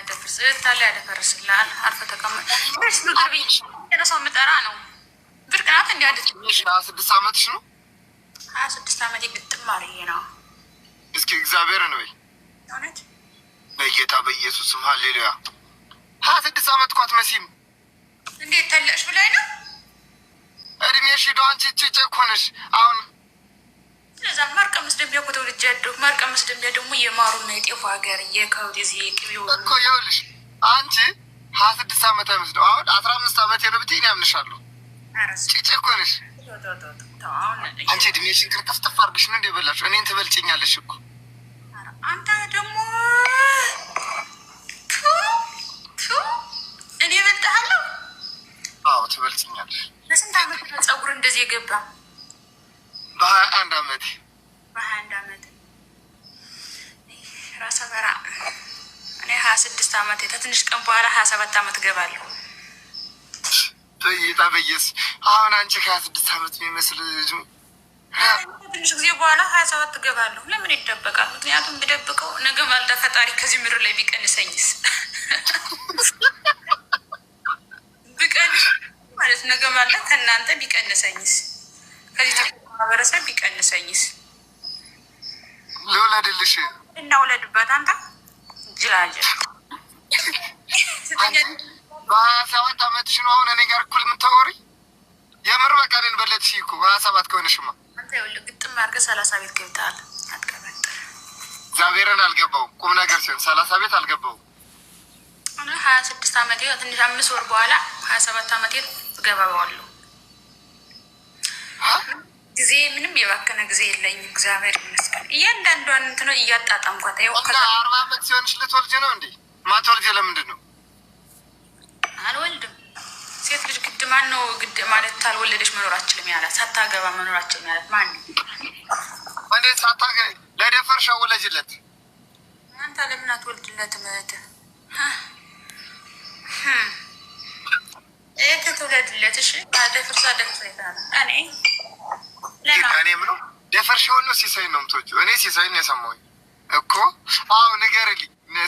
ያደፈርስ ታለ ያደፈርስልሃል። አርፈህ ተቀመጥ። ምጠራ ነው ብርቅ ናት። እንዲ ሀያ ስድስት አመትሽ ነው። ሀያ ስድስት አመት የግጥም ማርዬ ነው። እስኪ እግዚአብሔርን ወይ እውነት በጌታ በኢየሱስም ሀሌሉያ። ሀያ ስድስት አመት እኮ አትመሲም። እንዴት ተለቅሽ ብላይ ነው እድሜሽ ሄዶ አንቺ ጭጨ አሁን ስለዛ ማር መስደም ደሚያ ኮ ተወልጄ ያደሁ ማር ቀምስ ደሚያ ደግሞ የማሩና የጤፉ ሀገር የካውት ዚ ቅቤው እኮ ይኸውልሽ፣ አንቺ ሀያ ስድስት ዓመት ምስደ አሁን አስራ አምስት ዓመት የሆነ ብትይ ያምንሻሉ። ጭጭ እኮ ነሽ አንቺ። እድሜሽን ቅርጥፍ ጥፍ አድርግሽ ነው እንደ በላችሁ እኔን ትበልጭኛለሽ እኮ አንተ ደግሞ እኔ እበልጥሃለሁ። አዎ ትበልጭኛለሽ። ለስንት ዓመት ፀጉር እንደዚህ የገባ በሀያ አንድ አመቴ በሀያ አንድ አመት ራሰ በራ እኔ ሀያ ስድስት አመቴ ከትንሽ ቀን በኋላ ሀያ ሰባት አመት ገባለሁ። በየጣ በየስ አሁን አንቺ ከሀያ ስድስት አመት የሚመስል ልጅ ትንሽ ጊዜ በኋላ ሀያ ሰባት ገባለሁ። ለምን ይደበቃል? ምክንያቱም ብደብቀው ነገ ማልዳ ፈጣሪ ከዚህ ምድር ላይ ቢቀንሰኝስ ብቀንስ ማለት ነገ ማልዳ ከእናንተ ቢቀንሰኝስ ከዚህ ማህበረሰብ ቢቀንሰኝስ? ልውለድልሽ እናውለድበት አንተ ጅላጅ በሀያ ሰባት አመትሽ ነው አሁን እኔ ጋር እኩል የምታወሪ የምር በቃ እኔን በለጥሽ እኮ በሀያ ሰባት ከሆነሽማ ግጥም አድርገህ ሰላሳ ቤት ገብተሃል። አትቀበጥር እግዚአብሔርን አልገባውም። ቁም ነገር ሲሆን ሰላሳ ቤት አልገባውም። ሀያ ስድስት አመት ትንሽ አምስት ወር በኋላ ሀያ ሰባት አመት ገባባዋለሁ ጊዜ ምንም የባከነ ጊዜ የለኝ። እግዚአብሔር ይመስገን እያንዳንዷን እንትነ እያጣጣምኳት ይኸው እና አርባ ዓመት ሲሆንሽ ልትወልጅ ነው እንዴ? ማትወልጅ ለምንድን ነው? አልወልድም። ሴት ልጅ ግድ ማን ነው ግድ ማለት ታልወለደች መኖር አችልም ያላት ሳታገባ መኖር አችልም ያላት ማን ነው? እንዴት ሳታገ ለደፈርሻ ወለጅለት እናንተ ለምን አትወልድለት? ምህት ይህ ትትውለድለት እሺ ደፍርሳ ደፍሬታ እኔ እኔ ምለው ደፈር ነው ሲሳይ ነው ምቶች እኔ ሲሳይ ነው የሰማሁኝ እኮ አሁ ነገር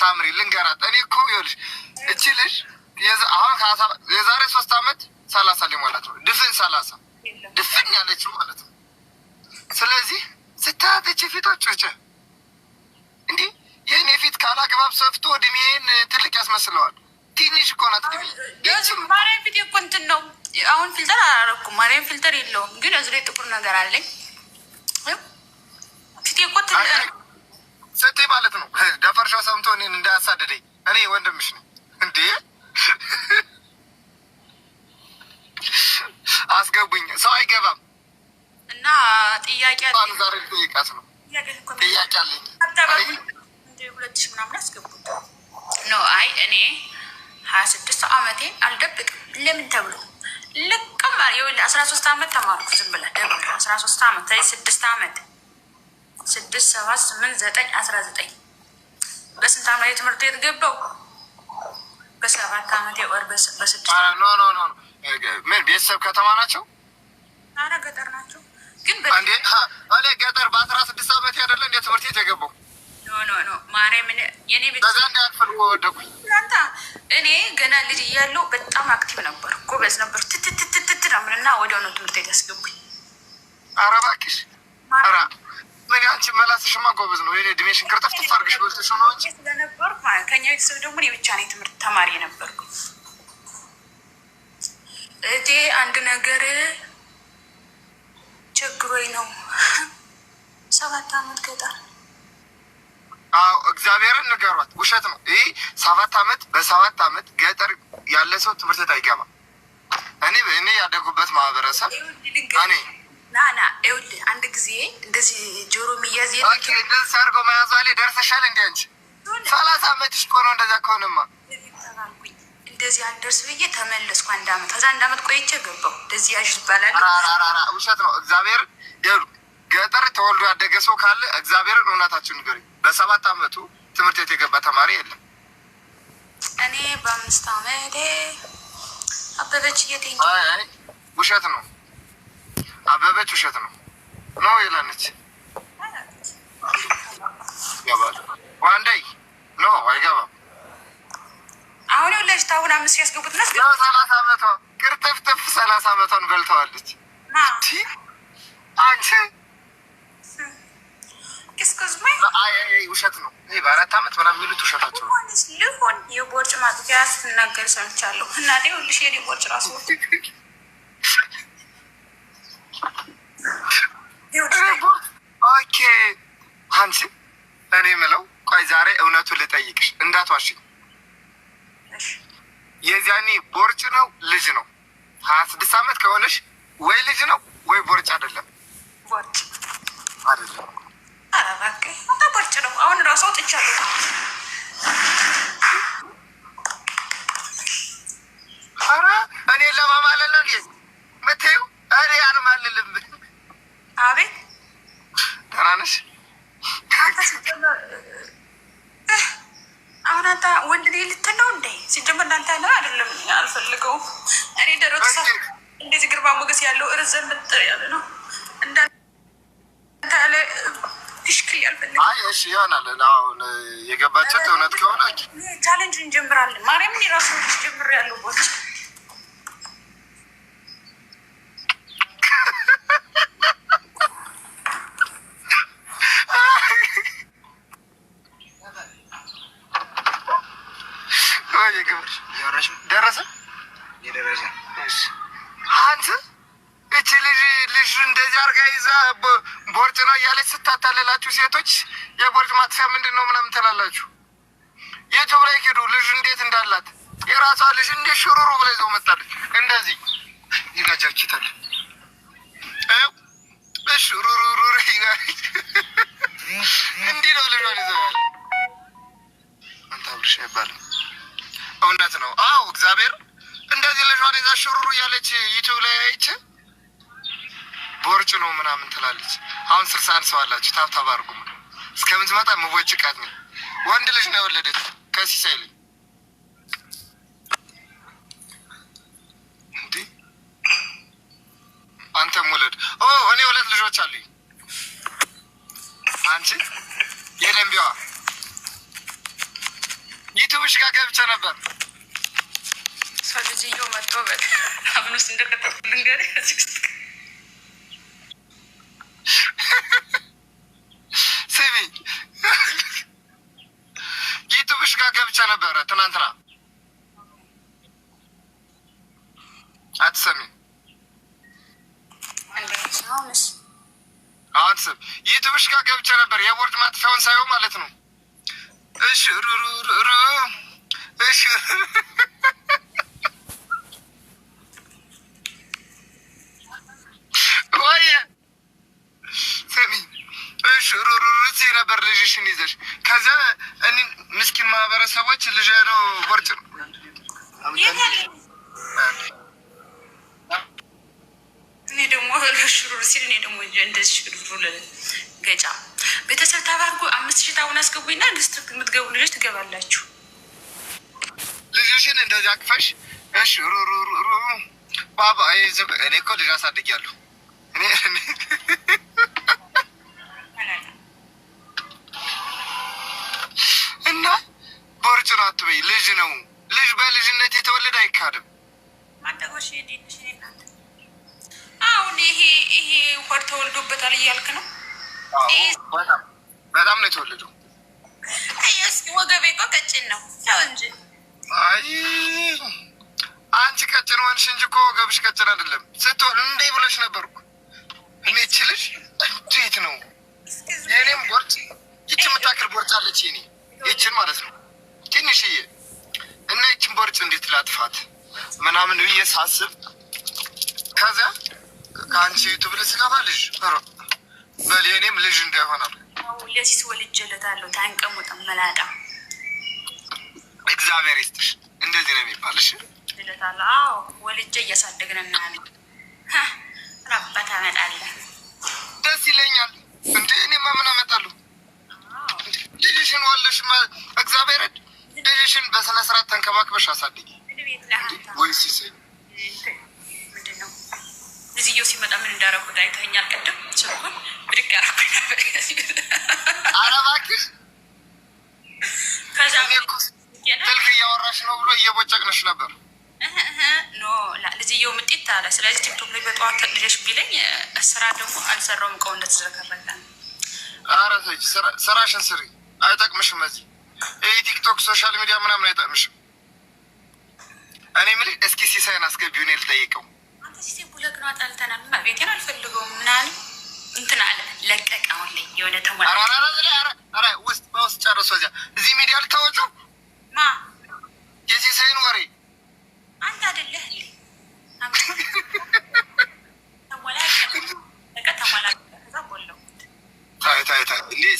ሳምሪ ልንገራት። እኔ እኮ ይኸውልሽ እች ልጅ አሁን የዛሬ ሶስት አመት ሰላሳ ሊሞላት ነው ድፍን ሰላሳ ድፍን ያለችው ማለት ነው። ስለዚህ ስታያተች ፊቶች ቸ እንዲህ ይህን የፊት ካላግባብ ሰፍቶ እድሜን ትልቅ ያስመስለዋል። ትንሽ እኮ ናት እድሜ ማርያም ፊት እኮ እንትን ነው አሁን ፊልተር አላረኩም ማለት ፊልተር የለውም፣ ግን እዚህ ጥቁር ነገር አለኝ። ፊቴ እኮ ስቴ ማለት ነው። ደፈርሻ ሰምቶ እኔን እንዳያሳደደኝ እኔ ወንድምሽ ነው እንዴ? አስገቡኝ። ሰው አይገባም እና ጥያቄ ዛሬ ነው ጥያቄ አለኝ። ሁለት ሺህ ምናምን አስገቡኝ ነው። አይ እኔ ሀያ ስድስት ዓመቴን አልደብቅም። ለምን ተብሎ ልቅም አስራ ሶስት አመት ተማርኩ። ዝም ብለህ አስራ ሶስት አመት ስድስት አመት ስድስት ሰባት ስምንት ዘጠኝ አስራ ዘጠኝ በስንት አመት የትምህርት ቤት ገባው? በሰባት አመት በስድስት ቤተሰብ ከተማ ናቸው? ኧረ ገጠር ናቸው። ግን ገጠር በአስራ ስድስት አመት ያደለ እንደ ትምህርት ቤት የገባው እኔ ገና ልጅ እያለሁ በጣም አክቲቭ ነበር፣ ጎበዝ ነበር። ትትትትትት ነው ምንና ወዲያው ነው ትምህርት ቤት ያስገቡኝ። ኧረ እባክሽ አንቺ መላስሽማ ጎበዝ ነው። እድሜሽን ቅርጥፍጥፍ አድርገሽ በልተሽ ነው እንጂ ስለነበርኩ ከእኛ ቤተሰብ ደግሞ እኔ ብቻ ነኝ ትምህርት ተማሪ ነበርኩኝ። እቴ አንድ ነገር ችግሮኝ ነው ሰባት አመት ገጠር አዎ እግዚአብሔርን ንገሯት። ውሸት ነው ይህ ሰባት አመት በሰባት አመት ገጠር ያለ ሰው ትምህርት ቤት አይገባም። እኔ እኔ ያደጉበት ማህበረሰብ እኔ ናና ይኸውልህ፣ አንድ ጊዜ እንደዚህ ጆሮ የሚያዝ እንደዚህ አድርጎ መያዟ ላይ ደርሰሻል። እንዲ አንቺ ሰላሳ አመትሽ እኮ ነው። እንደዛ ከሆነማ እንደዚህ አልደርስ ብዬ ተመለስኩ። አንድ አመት ከዛ አንድ አመት ቆይቼ ገባሁ። እንደዚህ ያሽ ይባላል። ውሸት ነው እግዚአብሔር ገጠር ተወልዶ ያደገ ሰው ካለ እግዚአብሔርን እውነታችን ንገሪኝ። በሰባት አመቱ ትምህርት ቤት የገባ ተማሪ የለም። እኔ በአምስት አመቴ አበበች እየተኝ ውሸት ነው። አበበች ውሸት ነው ነው ይለነች ዋንደይ ኖ አይገባም። አሁን ሁለሽ ታሁን አምስት ያስገቡት ነ ሰላሳ አመቷ ቅርጥፍጥፍ ሰላሳ አመቷን በልተዋለች። አንቺ ውሸት ነው። በአራት ዓመት ምናምን የሚሉት ውሸታቸው ልሆን የቦርጭ ማጥፊያ ስትናገር ሰምቻለሁ። እና ልሽ ቦርጭ ራሱ ኦኬ ሀንሲ፣ እኔ ምለው ቆይ ዛሬ እውነቱን ልጠይቅሽ እንዳትዋሽኝ። የዚያኔ ቦርጭ ነው ልጅ ነው ሀያ ስድስት ዓመት ከሆነሽ ወይ ልጅ ነው ወይ ቦርጭ አይደለም። ቦርጭ አይደለም ኧረ እባክህ አታቧጭ ነው። አሁን እራሱ አውጥቻለሁ። ኧረ እኔ ለማማለል ነው የምትይው? እኔ አልማልልም። አቤት ደህና ነሽ? አሁን አንተ ወንድ ልጅ ልትል ነው እንዴ? ሲጀመር እናንተ ያለ አይደለም አልፈልገውም። እኔ ደሮ እንደዚህ ግርማ ሞገስ ያለው እርዘ። ምጥር ያለ ነው እንዳንተ ያለ ሽክል ይሆናል። አሁን የገባችሁት እውነት ከሆነ ቻሌንጅ እንጀምራለን። ማርያምን የራሱ ጀምር ያለው ቦታ ደረሰ የደረሰ አንተ ልጅ እንደዚህ አርጋ ይዛ ቦርጭ ነው እያለች ስታታለላችሁ ሴቶች የቦርጭ ማጥፊያ ምንድን ነው ምናምን ትላላችሁ። ዩቱብ ላይ ሂዱ። ልጅ እንዴት እንዳላት የራሷ ልጅ እንዴት ሽሩሩ ብላ ይዘው መጣለች። እንደዚህ ይጋጃችታል። ሽሩሩሩሩ እንዲህ ነው ልጇን ይዘዋል። አንተ አብርሽ አይባልም። እውነት ነው። አዎ እግዚአብሔር እንደዚህ ልጇን ይዛ ሽሩሩ እያለች ዩቱብ ላይ አይቼ ቦርጭ ነው ምናምን ትላለች። አሁን ስልሳ አንድ ሰው አላችሁ ታብታብ አድርጉ። እስከምን ትመጣ ምቦጭ ቃት ነው። ወንድ ልጅ ነው የወለደች ከሲሳይ ልጅ እንዲህ አንተም ውለድ። እኔ ሁለት ልጆች አሉኝ። አንቺ የደንቢዋ ዩቱብሽ ጋር ገብቼ ነበር። ሰው ልጅየው መጥቶ በጣም ነው ስንደቀጠቁ ልንገር ነበረ ትናንትና። አትሰሚም አትሰብ ይህ ትብሽ ጋር ገብቼ ነበር የቦርድ ማጥፊያውን ሳይሆን ማለት ነው። እሽ ሩሩሩ እሽ ወይ ሰሚ እሽ ሩሩሩ ነበር ልጅሽን ይዘሽ ከዚያ ምስኪን ማህበረሰቦች ልጅ ነው ወርጭ ነው እኔ ደግሞ ሽሩር ሲል እኔ ደግሞ እንደዚህ ሽሩር ገጫ ቤተሰብ ተባርጎ አምስት ሺህ ታውን አስገቡኝና ግስት የምትገቡ ልጆች ትገባላችሁ። ልጆችን እንደዚህ አቅፈሽ እሺ ሩሩሩሩ ባባ እኔ እኮ ልጅ አሳድጊያለሁ እኔ ነው አትበይ። ልጅ ነው ልጅ በልጅነት የተወለደ አይካድም። አሁን ይሄ ይሄ ሆድ ተወልዶበታል እያልክ ነው? በጣም ነው የተወለደው። እስኪ ወገቤ እኮ ቀጭን ነው ያው እንጂ። አይ አንቺ ቀጭን ሆንሽ እንጂ እኮ ወገብሽ ቀጭን አይደለም። ስትሆን እንዴ ብሎሽ ነበር እኔች ልጅ ችልሽ እንዴት ነው የእኔም ቦርጭ ይች የምታክል ቦርጭ አለች። ኔ ይችን ማለት ነው ትንሽዬ እና ይችን ቦርጭ እንዴት ላጥፋት ምናምን ብዬ ሳስብ ከዚያ ከአንቺ ዩቱብ ልስገባ ልጅ ሮ በል የኔም ልጅ እንዳይሆናል ለሲስ ወልጄለታለሁ። ታንቀሙጥ መላጣ እግዚአብሔር ይስጥሽ። እንደዚህ ነው የሚባል እሺ እለታለሁ። አዎ ወልጄ እያሳደግን እና ነው ረባት አመጣለሁ። ደስ ይለኛል። እንደ እኔ ማምን አመጣለሁ ልጅሽን ወለሽ እግዚአብሔር ልጅሽን በስነ ስርዓት ተንከባክበሽ አሳድጊ። ወይስ ልጅየው ሲመጣ ምን እንዳረኩት አይተኸኛል? አልቀደም ችኩን ብድግ ያረኩ አረባክሽ ስልክ እያወራሽ ነው ብሎ እየቦጨቅነሽ ነበር። ኖ ልጅየው ምጤት አለ። ስለዚህ ቲክቶክ ላይ በጠዋት ተቅደሽ ቢለኝ ስራ ደግሞ አልሰራውም። እቃው እንደተዘረከረከ ኧረ ስራሽን ስሪ፣ አይጠቅምሽም እዚህ ቲክቶክ ሶሻል ሚዲያ ምናምን አይጠቅምሽም። እኔ የምልህ እስኪ ሲሳይን አስገቢው፣ እኔ ልጠይቀው። ውስጥ በውስጥ ጨርሶ እዚያ እዚህ ሚዲያ የሲሳይን ወሬ አንተ አይደለህ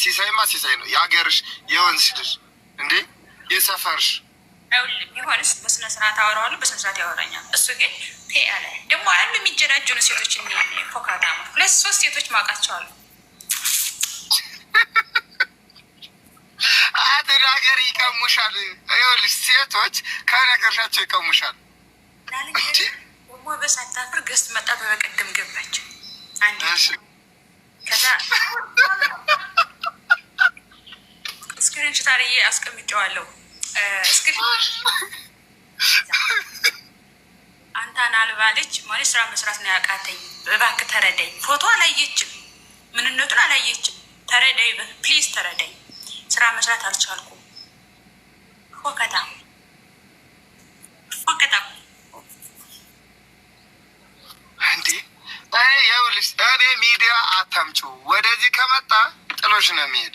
ሲሳይማ ሲሳይ ነው የሀገርሽ የወንዝ ልጅ እንዴ የሰፈርሽ ቢሆንስ በስነ ስርዓት አወራዋለሁ፣ በስነ ስርዓት ያወራኛል። እሱ ግን ያለ ደግሞ አሉ የሚጀዳጀኑ ሴቶች ፎካታ ሁለት ሶስት ሴቶች ማውቃቸዋለሁ። አትናገሪ፣ ይቀሙሻል። ይኸውልሽ ሴቶች ከነገርሻቸው ይቀሙሻል። ደግሞ በሳታፍር ገስት መጣ። በበቀደም ገባች አንድ ከዛ ስክሪን ሽት አድርጌ አስቀምጨዋለሁ። አንተን አልባ ልጅ ማለት ስራ መስራት ነው ያቃተኝ፣ እባክህ ተረዳኝ። ፎቶ አላየችም፣ ምንነቱን አላየችም። ተረዳኝ ፕሊዝ ተረዳኝ፣ ስራ መስራት አልቻልኩም። ፎከታ ፎከታ ይኸውልሽ እኔ ሚዲያ አታምጩ። ወደዚህ ከመጣ ጥሎሽ ነው የሚሄድ።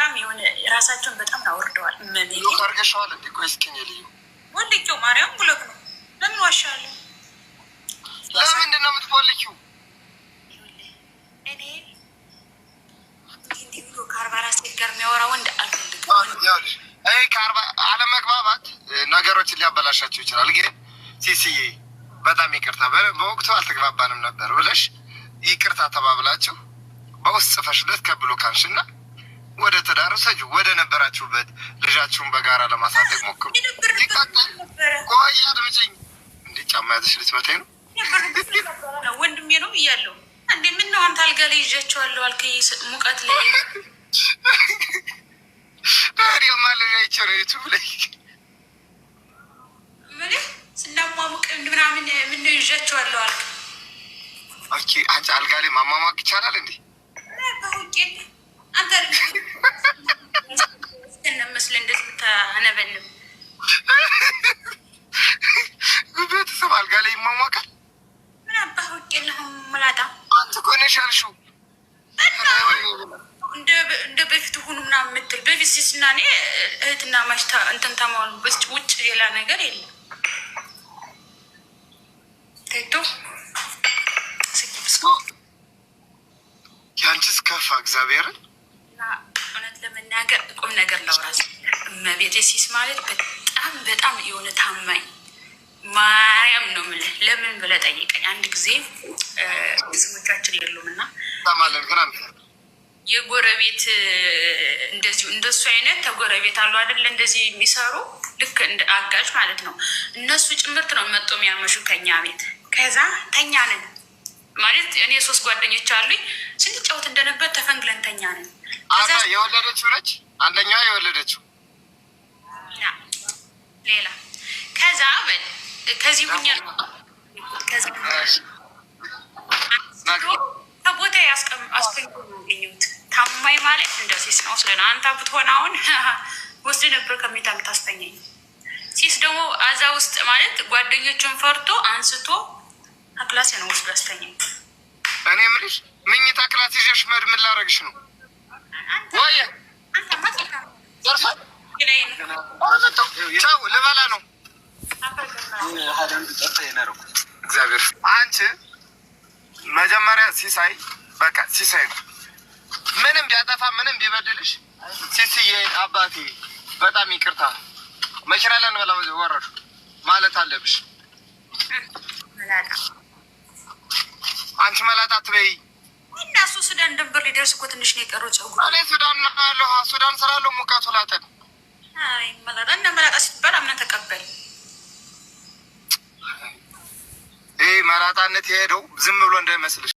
በጣም የሆነ ራሳቸውን በጣም አወርደዋል። ርገሸዋል እንዲ ስኪኝ ልዩ ወልቂው ማርያም ብሎክ ነው። ለምን ዋሻለ? ለምንድን ነው የምትወልቂው? እኔ እንዲህ ብሎ ከአርባ አራት ጋር የሚያወራ ወንድ አልፈልግም። አለመግባባት ነገሮችን ሊያበላሻቸው ይችላል። ግን ሲሲዬ በጣም ይቅርታ በወቅቱ አልተግባባንም ነበር ብለሽ ይቅርታ ተባብላችሁ በውስጥ ጽፈሽለት ከብሎ ካንሽና ወደ ትዳር ሰጁ ወደ ነበራችሁበት ልጃችሁን በጋራ ለማሳደግ ሞክሩ። ቆይ አድምጪኝ። እንዴ ጫማ ያዘሽ ልትመታኝ ነው? ወንድሜ ነው እያለው እንዴ ምን ነው አንተ አልጋ ላይ ይዣቸዋለሁ አልክ። ሙቀት ላይ ሪማ ልጃይቸ ነው ዩቱብ ላይ ምን ስናሟሙቅ ምናምን ምን ነው ይዣቸዋለሁ አልክ። አንቺ አልጋ ላይ ማሟሟቅ ይቻላል እንዴ? ቤተሰብ አልጋ ላይ ይሟሟቃል። ምን አባህ ወቄ ለሁም ምላጣ አንተ እኮ ነሽ አልሽው እንደ በፊት ሁኑ ምናምን የምትል በፊት ሲስና እኔ እህትና ማሽታ እንትን ታማሉ በስች ውጭ ሌላ ነገር የለም። ታይቶ ያንቺስ ከፋ እግዚአብሔርን እውነት ለመናገር ቁም ነገር ላውራስ እመቤቴ ሲስ ማለት በጣም በጣም የሆነ ታማኝ ማርያም ነው ምል ለምን ብለ ጠይቀኝ። አንድ ጊዜ ስሞቻችን የሉም እና የጎረቤት እንደዚሁ እንደሱ አይነት ተጎረቤት አሉ አደለ እንደዚህ የሚሰሩ ልክ እንደ አጋዥ ማለት ነው። እነሱ ጭምርት ነው መጦ የሚያመሹ ከኛ ቤት። ከዛ ተኛንን ማለት እኔ ሶስት ጓደኞች አሉኝ ስንጫወት እንደነበር ተፈንግለን ተኛንን። የወለደችው ነች። አንደኛዋ የወለደችው ሌላ ከዛ በል ከዚህ ሁኛል ከቦታ አስፈኝ ታማኝ ማለት እንደዚህ ነው። ስለሆነ አንተ ብትሆን አሁን ወስድ ነበር ከሚታ የምታስተኛኝ ሲስ ደግሞ አዛ ውስጥ ማለት ጓደኞችን ፈርቶ አንስቶ አክላሴ ነው ወስዶ ያስተኛኝ። እኔ የምልሽ ምኝታ ክላስ ይዘሽ መድ ምን ላረግሽ ነው? ልበላ ነው። እግዚአብሔር አንቺ መጀመሪያ ሲሳይ በቃ ሲሳይ ነው። ምንም ቢያጠፋ ምንም ቢበድልሽ ሲስዬ አባቴ በጣም ይቅርታ መኪና ላይ እንበላ ወረዱ ማለት አለብሽ። አንቺ መላጣ አትበይ። እና እሱ ሱዳን ድንበር ሊደርስ እኮ ትንሽ ነው የቀረው። ጸጉር እኔ ሱዳን ያለሁ ሱዳን ስራለሁ ሙቀቱ ላጠን መላጣ እና መላጣ ስትባል አምና ተቀበል። ይህ መላጣነት የሄደው ዝም ብሎ እንዳይመስልሽ